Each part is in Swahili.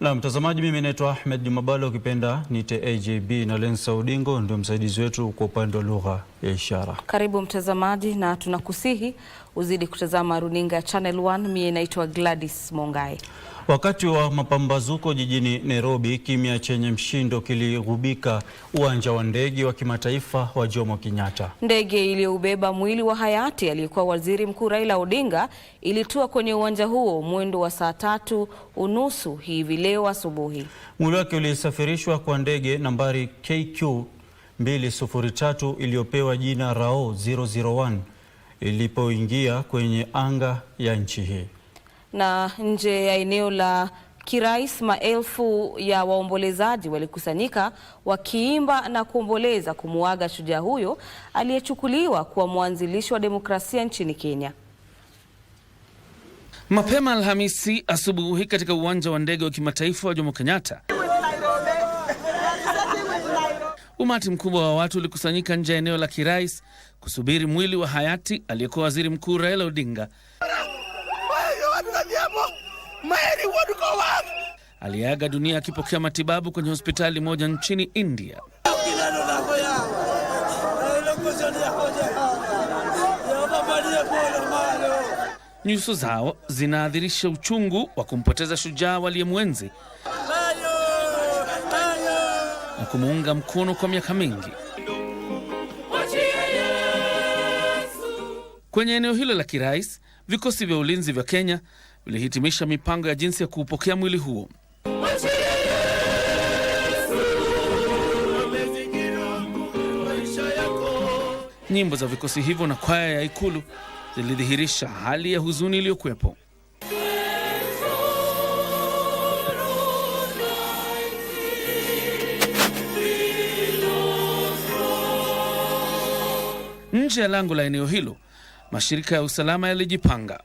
Na mtazamaji, mimi naitwa Ahmed Jumabalo, ukipenda nite AJB, na Lensa udingo ndio msaidizi wetu kwa upande wa lugha ya ishara. Karibu mtazamaji, na tunakusihi Uzidi kutazama runinga Channel 1. Mie naitwa Gladys Mongai. Wakati wa mapambazuko jijini Nairobi, kimya chenye mshindo kiligubika uwanja wa ndege wa kimataifa wa Jomo Kenyatta. Ndege iliyoubeba mwili wa hayati aliyekuwa waziri mkuu Raila Odinga ilitua kwenye uwanja huo mwendo wa saa tatu unusu hivi leo asubuhi. Mwili wake ulisafirishwa kwa ndege nambari KQ 203 iliyopewa jina Rao 001 ilipoingia kwenye anga ya nchi hii. Na nje ya eneo la Kirais, maelfu ya waombolezaji walikusanyika wakiimba na kuomboleza kumuaga shujaa huyo aliyechukuliwa kuwa mwanzilishi wa demokrasia nchini Kenya. Mapema Alhamisi asubuhi katika uwanja wa ndege wa kimataifa wa Jomo Kenyatta Umati mkubwa wa watu ulikusanyika nje ya eneo la kirais kusubiri mwili wa hayati aliyekuwa waziri mkuu Raila Odinga aliyeaga dunia akipokea matibabu kwenye hospitali moja nchini India. Nyuso zao zinaadhirisha uchungu wa kumpoteza shujaa waliyemwenzi na kumuunga mkono kwa miaka mingi. Kwenye eneo hilo la kirais, vikosi vya ulinzi vya Kenya vilihitimisha mipango ya jinsi ya kuupokea mwili huo. Nyimbo za vikosi hivyo na kwaya ya ikulu zilidhihirisha hali ya huzuni iliyokuwepo. Nje ya lango la eneo hilo, mashirika ya usalama yalijipanga.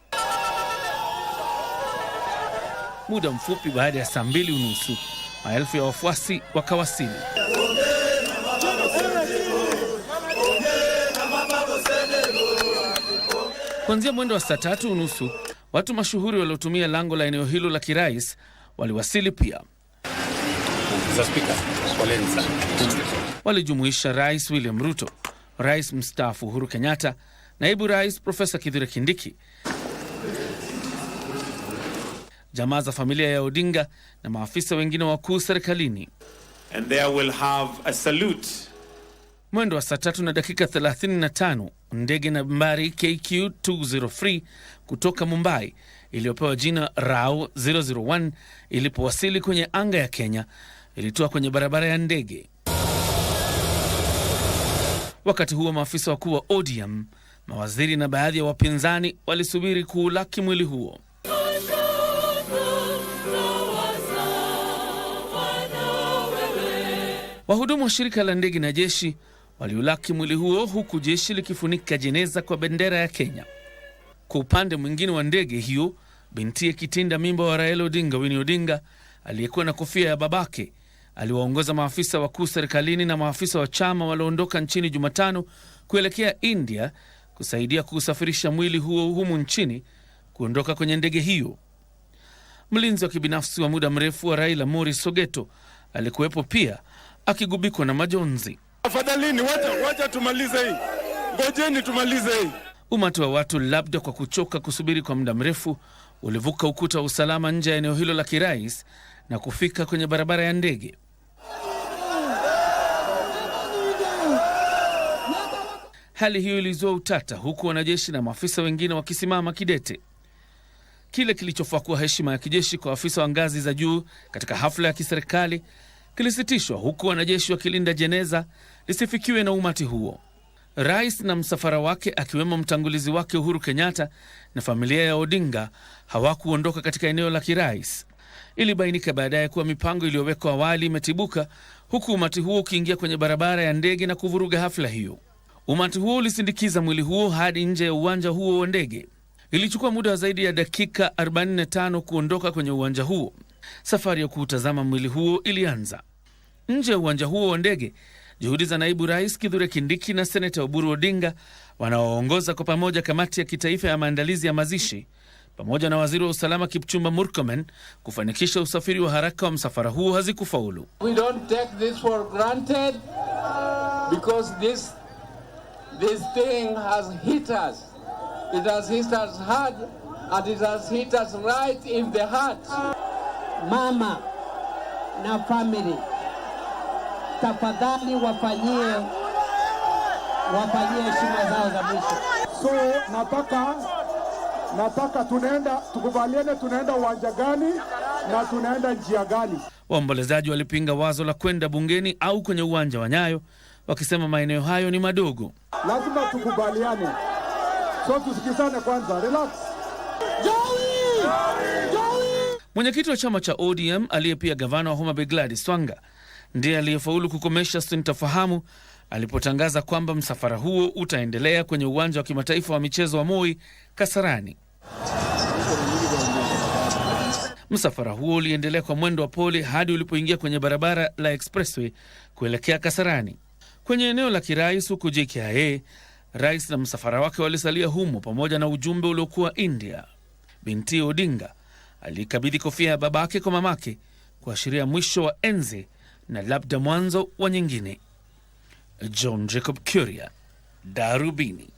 Muda mfupi baada ya saa mbili unusu maelfu ya wafuasi wakawasili. Kuanzia mwendo wa saa tatu unusu watu mashuhuri waliotumia lango la eneo hilo la kirais waliwasili pia. Walijumuisha Rais William Ruto, Rais mstaafu Uhuru Kenyatta, naibu rais Profesa Kithure Kindiki, jamaa za familia ya Odinga na maafisa wengine wakuu serikalini. Mwendo wa saa tatu na dakika 35 ndege nambari KQ 203 kutoka Mumbai iliyopewa jina Rao 001 ilipowasili kwenye anga ya Kenya ilitua kwenye barabara ya ndege. Wakati huo maafisa wakuu wa ODM, mawaziri na baadhi ya wapinzani walisubiri kuulaki mwili huo. Wahudumu wa shirika la ndege na jeshi waliulaki mwili huo huku jeshi likifunika jeneza kwa bendera ya Kenya. Kwa upande mwingine wa ndege hiyo, bintiye kitinda mimba wa Raila Odinga, Winnie Odinga, aliyekuwa na kofia ya babake aliwaongoza maafisa wakuu serikalini na maafisa wa chama walioondoka nchini Jumatano kuelekea India kusaidia kuusafirisha mwili huo humu nchini kuondoka kwenye ndege hiyo. Mlinzi wa kibinafsi wa muda mrefu wa Raila Mori Sogeto alikuwepo pia akigubikwa na majonzi. Afadhalini, wacha, wacha tumalize hii, ngojeni tumalize hii. Umati wa watu, labda kwa kuchoka kusubiri kwa muda mrefu, ulivuka ukuta wa usalama nje ya eneo hilo la kirais na kufika kwenye barabara ya ndege. Hali hiyo ilizua utata, huku wanajeshi na maafisa wengine wakisimama kidete. Kile kilichofaa kuwa heshima ya kijeshi kwa afisa wa ngazi za juu katika hafla ya kiserikali kilisitishwa, huku wanajeshi wakilinda jeneza lisifikiwe na umati huo. Rais na msafara wake akiwemo mtangulizi wake Uhuru Kenyatta na familia ya Odinga hawakuondoka katika eneo la kirais. Ilibainika baadaye kuwa mipango iliyowekwa awali imetibuka, huku umati huo ukiingia kwenye barabara ya ndege na kuvuruga hafla hiyo. Umati huo ulisindikiza mwili huo hadi nje ya uwanja huo wa ndege. Ilichukua muda wa zaidi ya dakika 45 kuondoka kwenye uwanja huo. Safari ya kuutazama mwili huo ilianza. Nje ya uwanja huo wa ndege, juhudi za naibu rais Kithure Kindiki na seneta Oburu Odinga wanaoongoza kwa pamoja kamati ya kitaifa ya maandalizi ya mazishi pamoja na waziri wa usalama Kipchumba Murkomen kufanikisha usafiri wa haraka wa msafara huo hazikufaulu. We don't take this for granted because this This thing has hit us. It has hit us hard and it has hit us right in the heart. Mama na family, tafadhali wafanyie wafanyie heshima zao za mwisho. So nataka nataka tunaenda tukubaliane, tunaenda uwanja gani na tunaenda njia gani? Waombolezaji walipinga wazo la kwenda bungeni au kwenye uwanja wa Nyayo wakisema maeneo hayo ni madogo. Lazima tukubaliane, so tusikizane kwanza, relax. Mwenyekiti wa chama cha ODM aliye pia gavana wa Homa Bay Gladys Wanga ndiye aliyefaulu kukomesha sintofahamu alipotangaza kwamba msafara huo utaendelea kwenye uwanja wa kimataifa wa michezo wa Moi Kasarani. Msafara huo uliendelea kwa mwendo wa pole hadi ulipoingia kwenye barabara la expressway kuelekea Kasarani. Kwenye eneo la kirais huko JKIA, rais na msafara wake walisalia humo pamoja na ujumbe uliokuwa India. Binti Odinga alikabidhi kofia ya babake kwa mamake kuashiria mwisho wa enzi na labda mwanzo wa nyingine. John Jacob Kuria, Darubini.